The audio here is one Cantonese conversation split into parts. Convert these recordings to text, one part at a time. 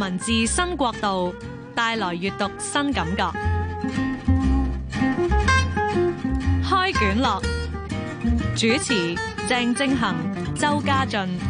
文字新國度，帶來閱讀新感覺，開卷樂，主持鄭政恆、周家俊。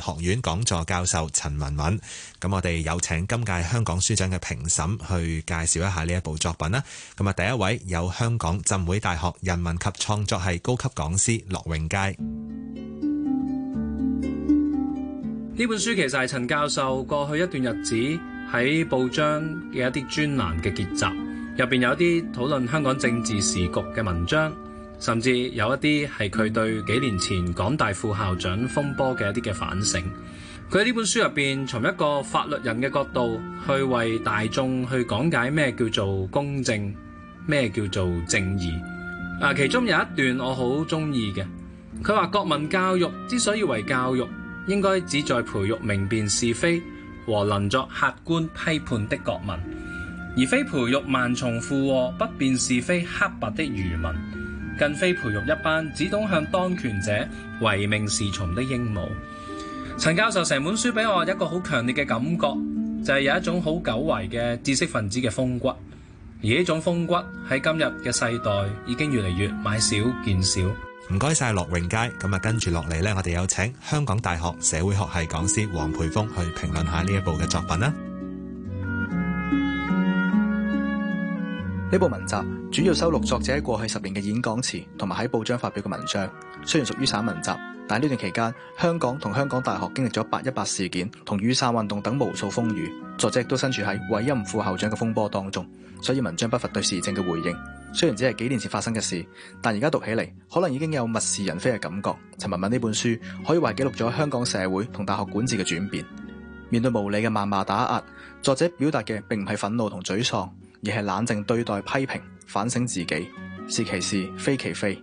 學院講座教授陳文敏，咁我哋有請今屆香港書獎嘅評審去介紹一下呢一部作品啦。咁啊，第一位有香港浸會大學人文及創作系高級講師駱永佳。呢本書其實係陳教授過去一段日子喺報章嘅一啲專欄嘅結集，入邊有啲討論香港政治時局嘅文章。甚至有一啲係佢對幾年前港大副校長風波嘅一啲嘅反省。佢喺呢本書入邊，從一個法律人嘅角度去為大眾去講解咩叫做公正，咩叫做正義。啊，其中有一段我好鍾意嘅，佢話：國民教育之所以為教育，應該只在培育明辨是非和能作客觀批判的國民，而非培育萬重附和不辨是非黑白的愚民。更非培育一班只懂向當權者唯命是從的鸚鵡。陳教授成本書俾我一個好強烈嘅感覺，就係有一種好久違嘅知識分子嘅風骨，而呢種風骨喺今日嘅世代已經越嚟越買少見少。唔該晒，樂榮佳咁啊，跟住落嚟呢，我哋有請香港大學社會學系講師黃培峰去評論下呢一部嘅作品啦。呢部文集主要收錄作者喺過去十年嘅演講詞同埋喺報章發表嘅文章。雖然屬於散文集，但呢段期間，香港同香港大學經歷咗八一八事件同雨傘運動等無數風雨，作者亦都身處喺委任副校長嘅風波當中。所以文章不乏對時政嘅回應。雖然只係幾年前發生嘅事，但而家讀起嚟，可能已經有物是人非嘅感覺。陳文敏呢本書可以話記錄咗香港社會同大學管治嘅轉變。面對無理嘅謾罵打壓，作者表達嘅並唔係憤怒同沮喪。而係冷靜對待批評，反省自己，是其是，非其非。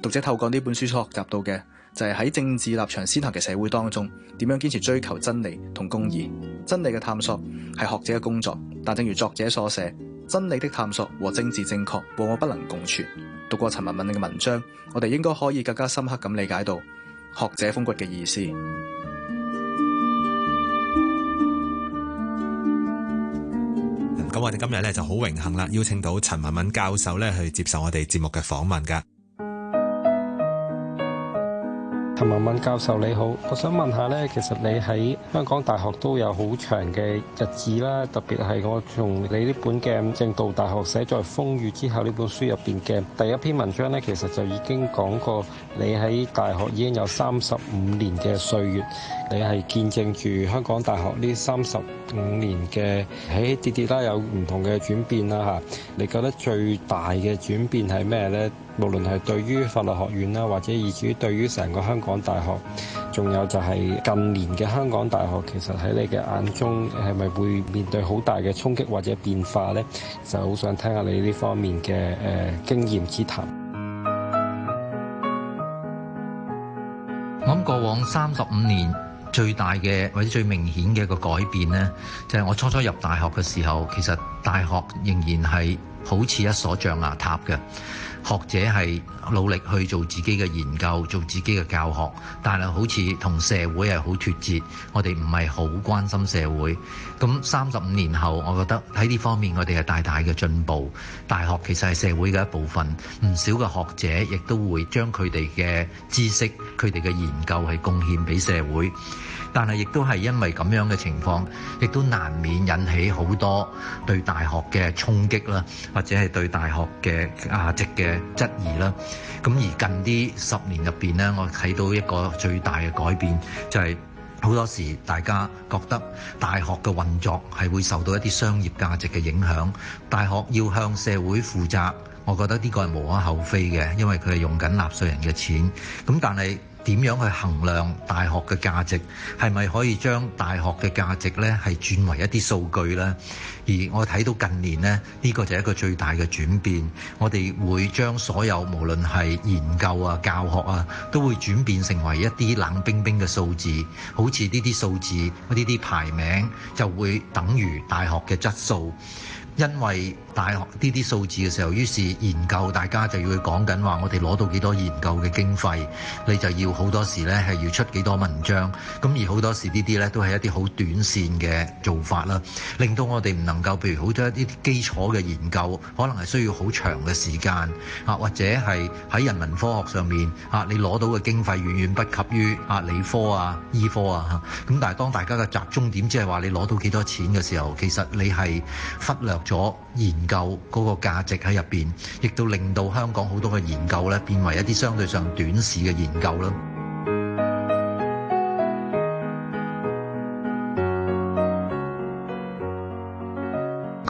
讀者透過呢本書所學習到嘅，就係喺政治立場先行嘅社會當中，點樣堅持追求真理同公義。真理嘅探索係學者嘅工作，但正如作者所寫，真理的探索和政治正確往往不能共存。讀過陳文敏嘅文章，我哋應該可以更加深刻咁理解到學者風骨嘅意思。我哋今日咧就好榮幸啦，邀請到陳文敏教授咧去接受我哋節目嘅訪問噶。文敏教授你好，我想問下咧，其實你喺香港大學都有好長嘅日子啦，特別係我從你呢本嘅《正道大學》寫在風雨之後呢本書入邊嘅第一篇文章咧，其實就已經講過，你喺大學已經有三十五年嘅歲月， 你係見證住香港大學呢三十五年嘅起起跌跌啦，有唔同嘅轉變啦吓，你覺得最大嘅轉變係咩咧？無論係對於法律學院啦，或者以至於對於成個香港大學，仲有就係近年嘅香港大學，其實喺你嘅眼中係咪會面對好大嘅衝擊或者變化呢？就好想聽下你呢方面嘅誒、呃、經驗之談。我諗過往三十五年最大嘅或者最明顯嘅一個改變呢，就係、是、我初初入大學嘅時候，其實。大學仍然係好似一所象牙塔嘅，學者係努力去做自己嘅研究、做自己嘅教學，但係好似同社會係好脫節。我哋唔係好關心社會。咁三十五年後，我覺得喺呢方面我哋係大大嘅進步。大學其實係社會嘅一部分，唔少嘅學者亦都會將佢哋嘅知識、佢哋嘅研究係貢獻俾社會。但係亦都係因為咁樣嘅情況，亦都難免引起好多對大學嘅衝擊啦，或者係對大學嘅價值嘅質疑啦。咁而近啲十年入邊咧，我睇到一個最大嘅改變，就係、是、好多時大家覺得大學嘅運作係會受到一啲商業價值嘅影響。大學要向社會負責，我覺得呢個係無可厚非嘅，因為佢係用緊納稅人嘅錢。咁但係點樣去衡量大學嘅價值？係咪可以將大學嘅價值呢，係轉為一啲數據呢？而我睇到近年呢，呢個就係一個最大嘅轉變。我哋會將所有無論係研究啊、教學啊，都會轉變成為一啲冷冰冰嘅數字，好似呢啲數字、呢啲排名，就會等於大學嘅質素。因為大學呢啲數字嘅時候，於是研究大家就要去講緊話，我哋攞到幾多研究嘅經費，你就要好多時咧，係要出幾多文章，咁而好多時呢啲咧都係一啲好短綫嘅做法啦，令到我哋唔能夠譬如好多一啲基礎嘅研究，可能係需要好長嘅時間啊，或者係喺人文科學上面，啊你攞到嘅經費遠遠不及於啊理科啊醫科啊，咁、e 啊、但係當大家嘅集中點即係話，你攞到幾多錢嘅時候，其實你係忽略。咗研究嗰個價值喺入邊，亦都令到香港好多嘅研究咧，變為一啲相對上短視嘅研究啦。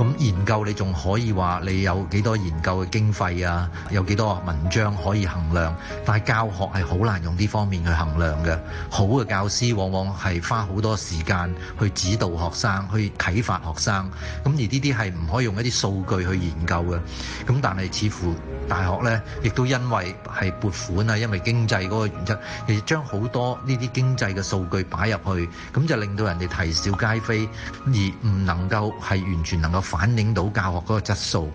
咁研究你仲可以話你有幾多研究嘅經費啊？有幾多文章可以衡量？但係教學係好難用呢方面去衡量嘅。好嘅教師往往係花好多時間去指導學生，去啟發學生。咁而呢啲係唔可以用一啲數據去研究嘅。咁但係似乎大學咧，亦都因為係撥款啊，因為經濟嗰個原則，而將好多呢啲經濟嘅數據擺入去，咁就令到人哋啼笑皆非，而唔能夠係完全能夠。反映到教學嗰個質素，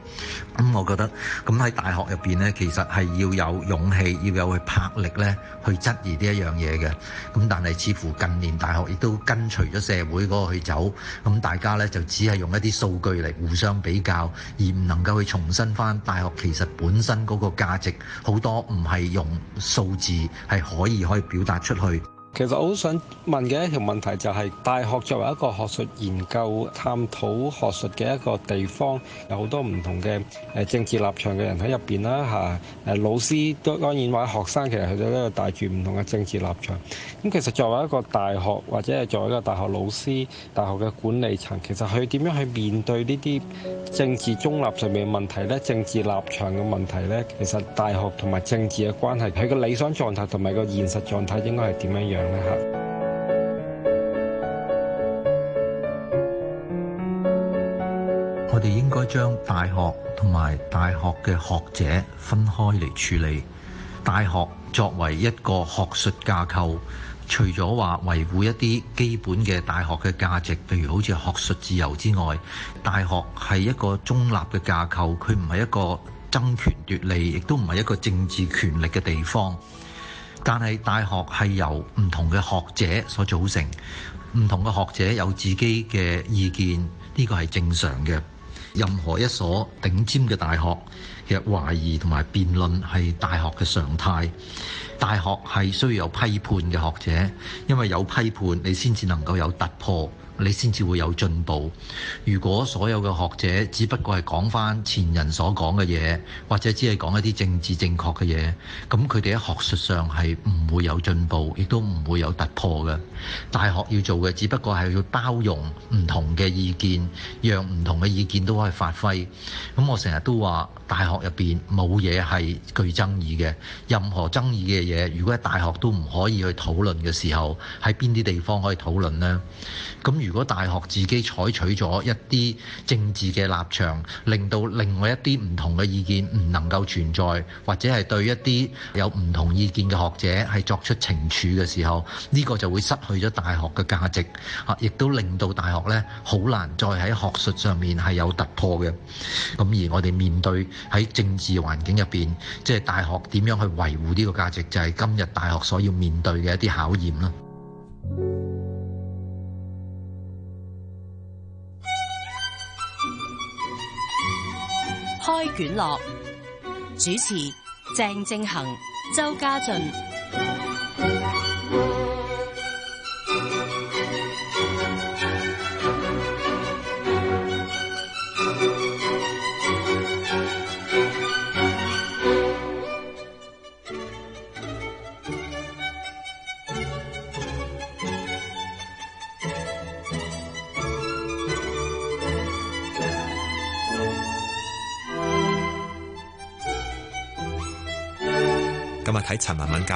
咁、嗯、我覺得，咁喺大學入邊咧，其實，係要有勇氣要有去魄力咧，去質疑呢一樣嘢嘅。咁但係似乎近年大學亦都跟隨咗社會嗰個去走，咁大家咧就只係用一啲數據嚟互相比較，而唔能夠去重新翻大學其實本身嗰個價值好多唔係用數字係可以可以表達出去。其實我好想問嘅一條問題就係大學作為一個學術研究、探討學術嘅一個地方，有好多唔同嘅誒政治立場嘅人喺入邊啦吓，誒、啊、老師都當然或者學生其實佢都帶住唔同嘅政治立場。咁、嗯、其實作為一個大學或者係作為一個大學老師、大學嘅管理層，其實佢點樣去面對呢啲政治中立上面嘅問題呢？政治立場嘅問題呢？其實大學同埋政治嘅關係，佢個理想狀態同埋個現實狀態應該係點樣樣？我哋應該將大學同埋大學嘅學者分開嚟處理。大學作為一個學術架構，除咗話維護一啲基本嘅大學嘅價值，譬如好似學術自由之外，大學係一個中立嘅架構，佢唔係一個爭權奪利，亦都唔係一個政治權力嘅地方。但係大學係由唔同嘅學者所組成，唔同嘅學者有自己嘅意見，呢個係正常嘅。任何一所頂尖嘅大學，其實懷疑同埋辯論係大學嘅常態。大學係需要有批判嘅學者，因為有批判，你先至能夠有突破。你先至會有進步。如果所有嘅學者只不過係講返前人所講嘅嘢，或者只係講一啲政治正確嘅嘢，咁佢哋喺學術上係唔會有進步，亦都唔會有突破嘅。大學要做嘅，只不過係要包容唔同嘅意見，讓唔同嘅意見都可以發揮。咁我成日都話，大學入邊冇嘢係具爭議嘅。任何爭議嘅嘢，如果喺大學都唔可以去討論嘅時候，喺邊啲地方可以討論呢？咁如果大學自己採取咗一啲政治嘅立場，令到另外一啲唔同嘅意見唔能夠存在，或者係對一啲有唔同意見嘅學者係作出懲處嘅時候，呢個就會失去咗大學嘅價值，亦都令到大學咧好難再喺學術上面係有突破嘅。咁而我哋面對喺政治環境入邊，即係大學點樣去維護呢個價值，就係今日大學所要面對嘅一啲考驗啦。開卷樂，主持鄭正恒、周家俊。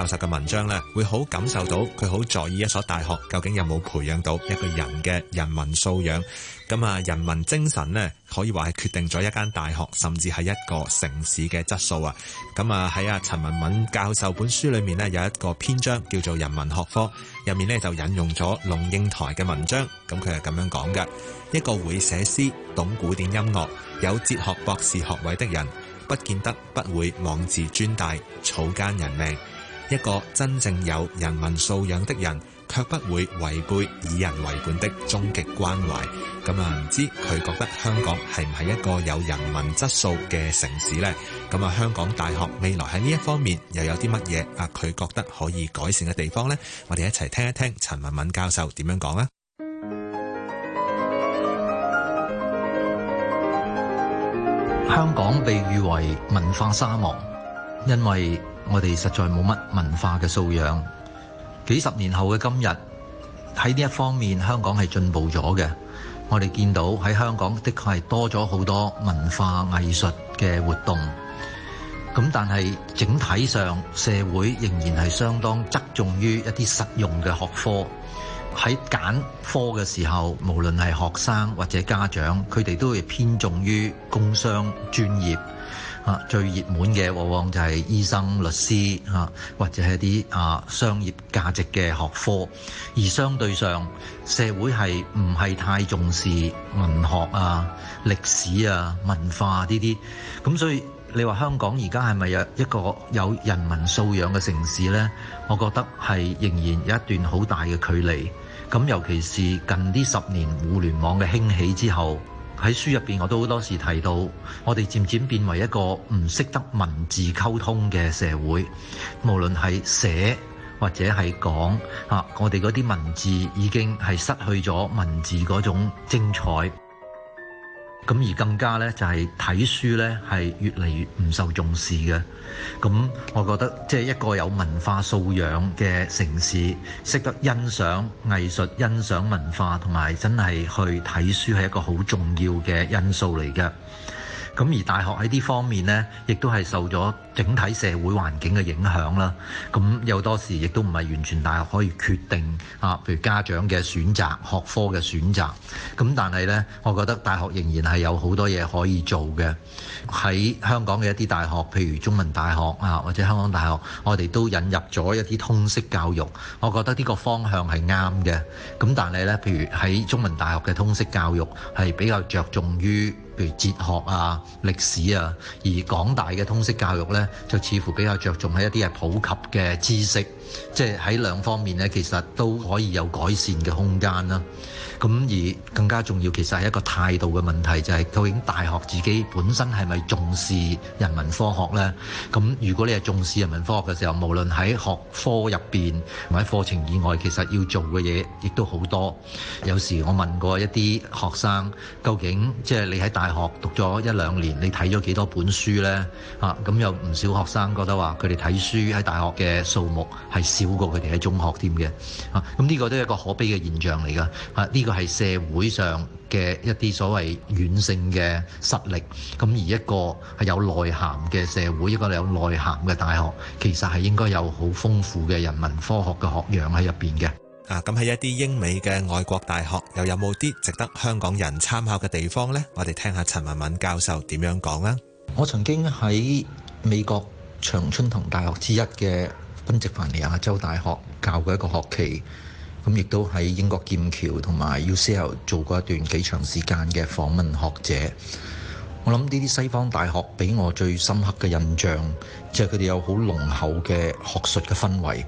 教授嘅文章咧，會好感受到佢好在意一所大學究竟有冇培養到一個人嘅人文素養。咁啊，人文精神呢，可以話係決定咗一間大學，甚至係一個城市嘅質素啊。咁啊，喺阿陳文敏教授本書裏面呢，有一個篇章叫做《人文學科》，入面呢，就引用咗龍應台嘅文章。咁佢係咁樣講嘅：一個會寫詩、懂古典音樂、有哲學博士學位的人，不見得不會妄自尊大、草菅人命。一個真正有人文素養的人，卻不會違背以人為本的終極關懷。咁、嗯、啊，唔知佢覺得香港係唔係一個有人文質素嘅城市呢？咁、嗯、啊，香港大學未來喺呢一方面又有啲乜嘢啊？佢覺得可以改善嘅地方呢？我哋一齊聽一聽陳文敏教授點樣講啦。香港被譽為文化沙漠，因為我哋實在冇乜文化嘅素養，幾十年後嘅今日，喺呢一方面，香港係進步咗嘅。我哋見到喺香港的確係多咗好多文化藝術嘅活動，咁但係整體上社會仍然係相當側重於一啲實用嘅學科。喺揀科嘅時候，無論係學生或者家長，佢哋都會偏重於工商專業。啊，最熱門嘅往往就係醫生、律師啊，或者係啲啊商業價值嘅學科，而相對上社會係唔係太重視文學啊、歷史啊、文化啊呢啲？咁所以你話香港而家係咪有一個有人文素養嘅城市呢？我覺得係仍然有一段好大嘅距離。咁尤其是近呢十年互聯網嘅興起之後。喺書入邊，我都好多時提到，我哋漸漸變為一個唔識得文字溝通嘅社會，無論係寫或者係講啊，我哋嗰啲文字已經係失去咗文字嗰種精彩。咁而更加呢，就係睇書呢係越嚟越唔受重視嘅。咁我覺得，即係一個有文化素養嘅城市，識得欣賞藝術、欣賞文化，同埋真係去睇書，係一個好重要嘅因素嚟嘅。咁而大學喺呢方面呢，亦都係受咗整體社會環境嘅影響啦。咁有多時亦都唔係完全大學可以決定啊，譬如家長嘅選擇、學科嘅選擇。咁但係呢，我覺得大學仍然係有好多嘢可以做嘅。喺香港嘅一啲大學，譬如中文大學啊，或者香港大學，我哋都引入咗一啲通識教育。我覺得呢個方向係啱嘅。咁但係呢，譬如喺中文大學嘅通識教育係比較着重於，如哲學啊、歷史啊，而港大嘅通識教育咧，就似乎比較着重喺一啲係普及嘅知識，即係喺兩方面咧，其實都可以有改善嘅空間啦。咁而更加重要，其實，係一個態度嘅問題，就係、是、究竟大學自己本身係咪重視人文科學咧？咁如果你係重視人文科學嘅時候，無論喺學科入邊或者課程以外，其實要做嘅嘢亦都好多。有時我問過一啲學生，究竟即係你喺大學讀咗一兩年，你睇咗幾多本書呢？啊，咁有唔少學生覺得話，佢哋睇書喺大學嘅數目係少過佢哋喺中學添嘅。啊，咁呢個都係一個可悲嘅現象嚟噶。啊，呢個係社會上嘅一啲所謂軟性嘅實力。咁、啊、而一個係有內涵嘅社會，一個有內涵嘅大學，其實係應該有好豐富嘅人文科學嘅學養喺入邊嘅。啊！咁喺一啲英美嘅外國大學，又有冇啲值得香港人參考嘅地方呢？我哋聽下陳文敏教授點樣講啊！我曾經喺美國長春藤大學之一嘅賓夕凡尼亞州大學教過一個學期，咁亦都喺英國劍橋同埋 UCL 做過一段幾長時間嘅訪問學者。我諗呢啲西方大學俾我最深刻嘅印象就，就係佢哋有好濃厚嘅學術嘅氛圍。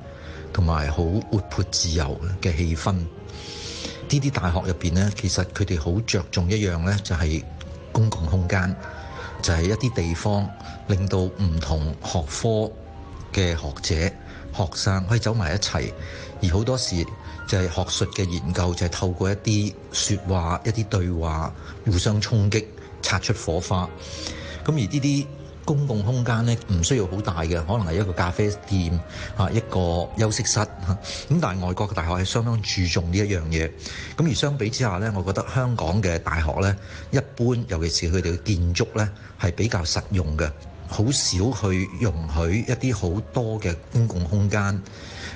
同埋好活潑自由嘅氣氛，呢啲大學入邊呢，其實佢哋好着重一樣呢，就係公共空間，就係一啲地方，令到唔同學科嘅學者、學生可以走埋一齊。而好多時就係學術嘅研究，就係透過一啲説話、一啲對話，互相衝擊，擦出火花。咁而呢啲公共空間咧唔需要好大嘅，可能係一個咖啡店啊，一個休息室咁。但係外國嘅大學係相當注重呢一樣嘢。咁而相比之下咧，我覺得香港嘅大學咧一般，尤其是佢哋嘅建築咧係比較實用嘅。好少去容許一啲好多嘅公共空間，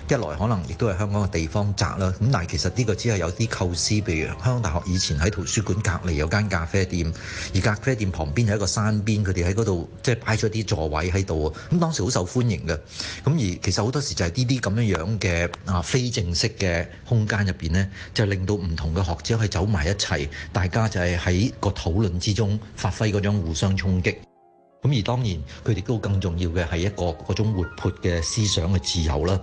一來可能亦都係香港嘅地方窄啦。咁但係其實呢個只係有啲構思，譬如香港大學以前喺圖書館隔離有間咖啡店，而咖啡店旁邊係一個山邊，佢哋喺嗰度即係擺咗啲座位喺度，咁當時好受歡迎嘅。咁而其實好多時就係呢啲咁樣樣嘅啊非正式嘅空間入邊呢，就令到唔同嘅學者可以走埋一齊，大家就係喺個討論之中發揮嗰種互相衝擊。咁而當然，佢哋都更重要嘅係一個嗰種活潑嘅思想嘅自由啦。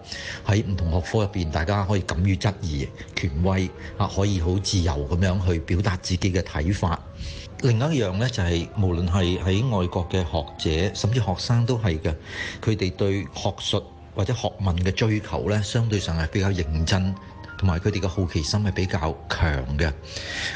喺唔同學科入邊，大家可以敢於質疑權威，啊可以好自由咁樣去表達自己嘅睇法。另一樣呢，就係無論係喺外國嘅學者甚至學生都係嘅，佢哋對學術或者學問嘅追求呢，相對上係比較認真。同埋佢哋嘅好奇心係比較強嘅，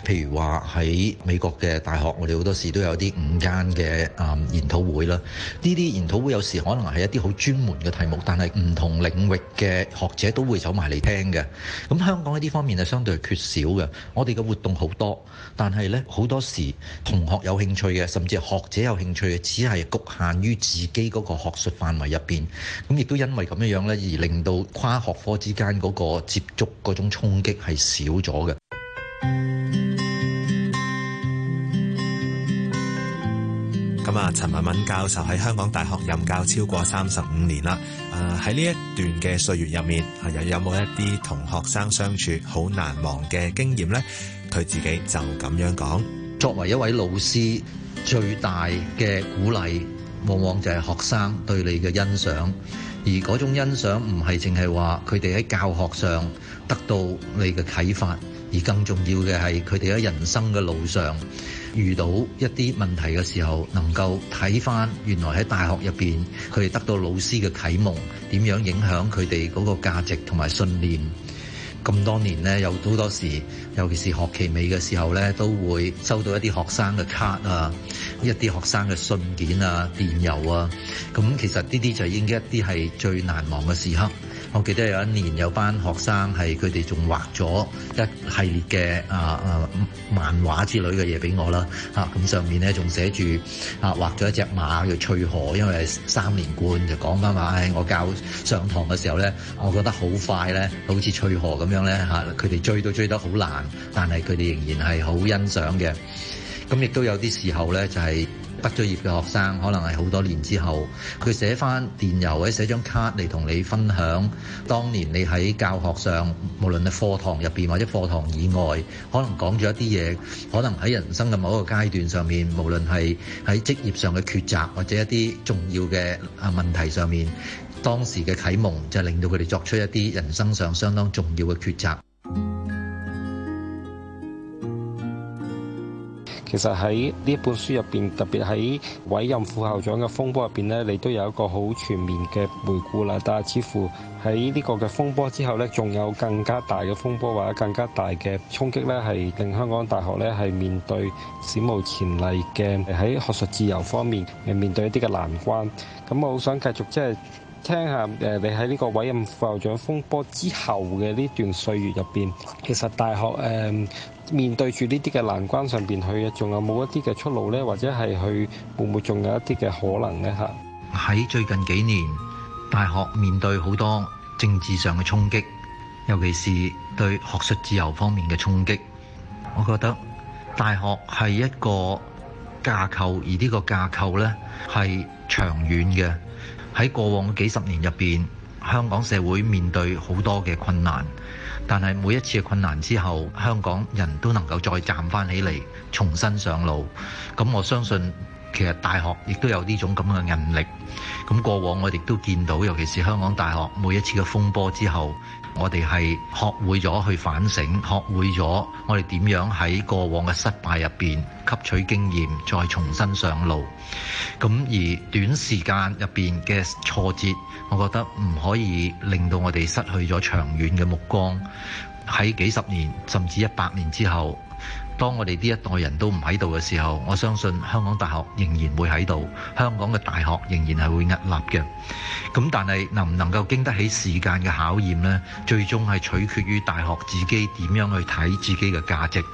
譬如話喺美國嘅大學，我哋好多時都有啲午間嘅啊研討會啦。呢啲研討會有時可能係一啲好專門嘅題目，但係唔同領域嘅學者都會走埋嚟聽嘅。咁香港呢啲方面係相對缺少嘅。我哋嘅活動好多，但係咧好多時同學有興趣嘅，甚至係學者有興趣嘅，只係局限於自己嗰個學術範圍入邊，咁亦都因為咁樣樣咧，而令到跨學科之間嗰個接觸個種衝擊係少咗嘅。咁啊、嗯，陳文敏教授喺香港大學任教超過三十五年啦。誒、呃，喺呢一段嘅歲月入面，又有冇一啲同學生相處好難忘嘅經驗咧？佢自己就咁樣講。作為一位老師，最大嘅鼓勵，往往就係學生對你嘅欣賞，而嗰種欣賞唔係淨係話佢哋喺教學上。得到你嘅啟發，而更重要嘅係佢哋喺人生嘅路上遇到一啲問題嘅時候，能夠睇翻原來喺大學入邊，佢哋得到老師嘅啟蒙，點樣影響佢哋嗰個價值同埋信念。咁多年咧，有好多時尤其是學期尾嘅時候咧，都會收到一啲學生嘅卡啊，一啲學生嘅信件啊、電郵啊。咁其實呢啲就應該一啲係最難忘嘅時刻。我記得有一年有班學生係，佢哋仲畫咗一系列嘅，啊、啊漫畫之類嘅嘢俾我啦，嚇，咁上面咧，仲寫住啊，畫咗一隻馬叫翠河，因為三連冠就講翻話，我教上堂嘅時候咧，我覺得好快咧，好似翠河咁樣咧嚇，佢哋追都追得好難，但係佢哋仍然係好欣賞嘅。咁亦都有啲時候咧就係。畢咗業嘅學生，可能係好多年之後，佢寫翻電郵或者寫張卡嚟同你分享，當年你喺教學上，無論係課堂入邊或者課堂以外，可能講咗一啲嘢，可能喺人生嘅某一個階段上面，無論係喺職業上嘅抉擇，或者一啲重要嘅啊問題上面，當時嘅啟蒙就令到佢哋作出一啲人生上相當重要嘅抉擇。其實喺呢本書入邊，特別喺委任副校長嘅風波入邊呢，你都有一個好全面嘅回顧啦。但係似乎喺呢個嘅風波之後呢，仲有更加大嘅風波或者更加大嘅衝擊呢，係令香港大學呢係面對史無前例嘅喺學術自由方面誒面對一啲嘅難關。咁我好想繼續即係聽下誒你喺呢個委任副校長風波之後嘅呢段歲月入邊，其實大學誒。呃面對住呢啲嘅難關上邊，佢仲有冇一啲嘅出路呢？或者係佢會唔會仲有一啲嘅可能呢？嚇！喺最近幾年，大學面對好多政治上嘅衝擊，尤其是對學術自由方面嘅衝擊。我覺得大學係一個架構，而呢個架構呢係長遠嘅。喺過往幾十年入邊，香港社會面對好多嘅困難。但係每一次嘅困難之後，香港人都能夠再站翻起嚟，重新上路。咁我相信其實大學亦都有呢種咁嘅韌力。咁過往我哋都見到，尤其是香港大學每一次嘅風波之後。我哋係學會咗去反省，學會咗我哋點樣喺過往嘅失敗入邊吸取經驗，再重新上路。咁而短時間入邊嘅挫折，我覺得唔可以令到我哋失去咗長遠嘅目光。喺幾十年，甚至一百年之後。當我哋呢一代人都唔喺度嘅時候，我相信香港大學仍然會喺度，香港嘅大學仍然係會屹立嘅。咁但係能唔能夠經得起時間嘅考驗呢？最終係取決於大學自己點樣去睇自己嘅價值。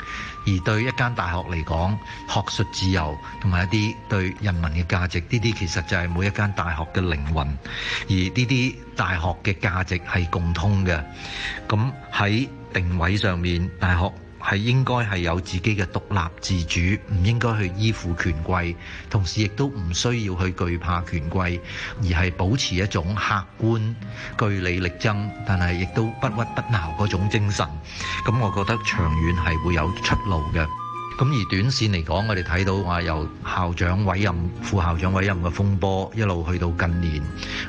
而對一間大學嚟講，學術自由同埋一啲對人民嘅價值，呢啲其實就係每一間大學嘅靈魂。而呢啲大學嘅價值係共通嘅。咁喺定位上面，大學。係應該係有自己嘅獨立自主，唔應該去依附權貴，同時亦都唔需要去懼怕權貴，而係保持一種客觀、據理力爭，但係亦都不屈不撓嗰種精神。咁我覺得長遠係會有出路嘅。咁而短線嚟講，我哋睇到話由校長委任、副校長委任嘅風波，一路去到近年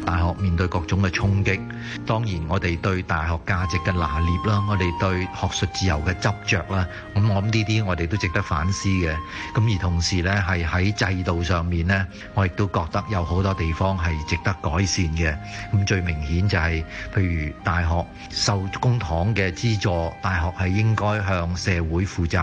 大學面對各種嘅衝擊，當然，我哋對大學價值嘅拿捏啦，我哋對學術自由嘅執着啦，咁我諗呢啲我哋都值得反思嘅。咁而同時咧，係喺制度上面咧，我亦都覺得有好多地方係值得改善嘅。咁最明顯就係、是、譬如，大學受公帑嘅資助，大學係應該向社會負責，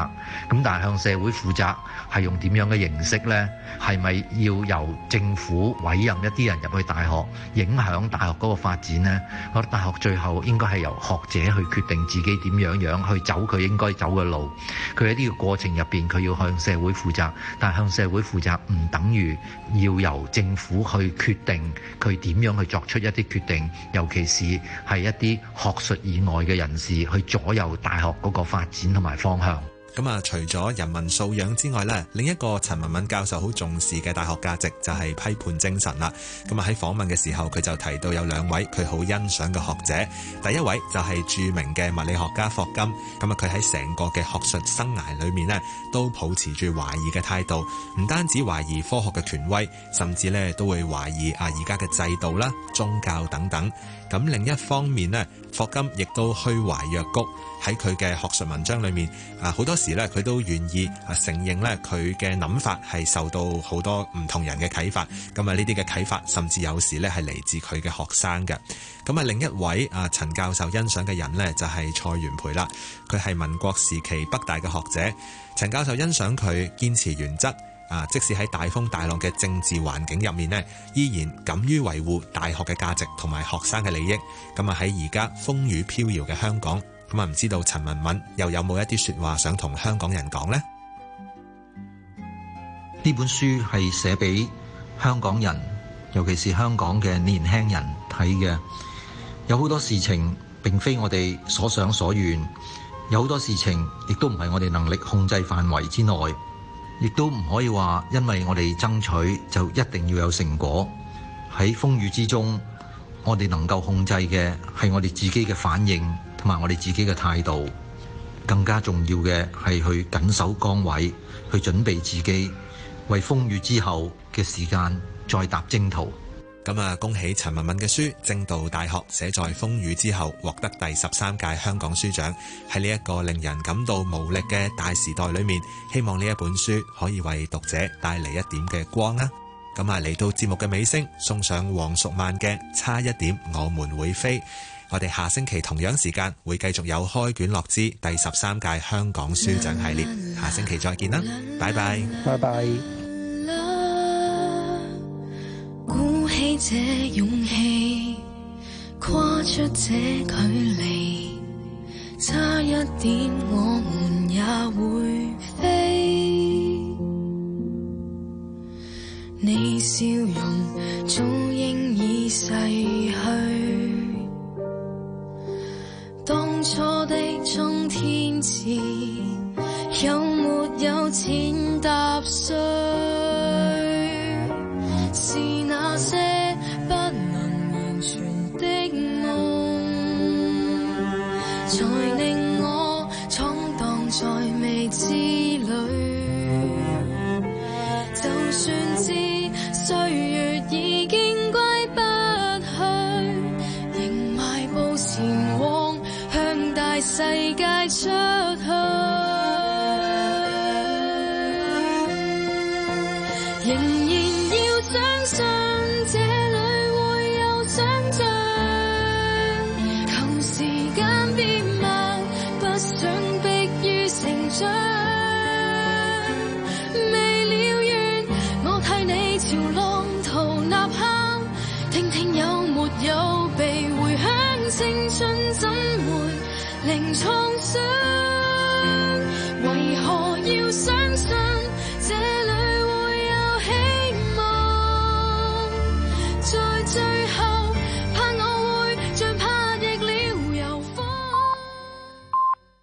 咁但係。向社會負責係用點樣嘅形式咧？係咪要由政府委任一啲人入去大學影響大學嗰個發展咧？我覺得大學最後應該係由學者去決定自己點樣樣去走佢應該走嘅路。佢喺呢個過程入邊，佢要向社會負責，但向社會負責唔等於要由政府去決定佢點樣去作出一啲決定，尤其是係一啲學術以外嘅人士去左右大學嗰個發展同埋方向。咁啊，除咗人文素養之外咧，另一個陳文敏教授好重視嘅大學價值就係批判精神啦。咁啊喺訪問嘅時候，佢就提到有兩位佢好欣賞嘅學者，第一位就係著名嘅物理學家霍金。咁啊，佢喺成個嘅學術生涯裏面咧，都保持住懷疑嘅態度，唔單止懷疑科學嘅權威，甚至咧都會懷疑啊而家嘅制度啦、宗教等等。咁另一方面咧，霍金亦都虛懷若谷，喺佢嘅學術文章裏面啊，好多時咧佢都願意啊承認咧佢嘅諗法係受到好多唔同人嘅啟發。咁啊，呢啲嘅啟發甚至有時咧係嚟自佢嘅學生嘅。咁啊，另一位啊陳教授欣賞嘅人呢，就係蔡元培啦，佢係民國時期北大嘅學者。陳教授欣賞佢堅持原則。啊！即使喺大風大浪嘅政治環境入面咧，依然敢於維護大學嘅價值同埋學生嘅利益。咁啊喺而家風雨飄搖嘅香港，咁啊唔知道陳文敏又有冇一啲說話想同香港人講咧？呢本書係寫俾香港人，尤其是香港嘅年輕人睇嘅。有好多事情並非我哋所想所願，有好多事情亦都唔係我哋能力控制範圍之內。亦都唔可以話，因為我哋爭取就一定要有成果。喺風雨之中，我哋能夠控制嘅，係我哋自己嘅反應同埋我哋自己嘅態度。更加重要嘅，係去緊守崗位，去準備自己，為風雨之後嘅時間再踏征途。咁啊！恭喜陳文敏嘅書《正道大學》寫在風雨之後，獲得第十三屆香港書獎。喺呢一個令人感到無力嘅大時代裏面，希望呢一本書可以為讀者帶嚟一點嘅光啊！咁啊，嚟到節目嘅尾聲，送上黃淑曼嘅《差一點我們會飛》。我哋下星期同樣時間會繼續有開卷樂之第十三屆香港書獎系列。下星期再見啦，拜拜，拜拜 Bye bye.、嗯。這勇氣跨出這距離，差一點我們也會飛。你笑容早應已逝去，當初的衝天志。帶世界出去，仍然要相信這裏會有想象。求時間變慢，不想迫於成長。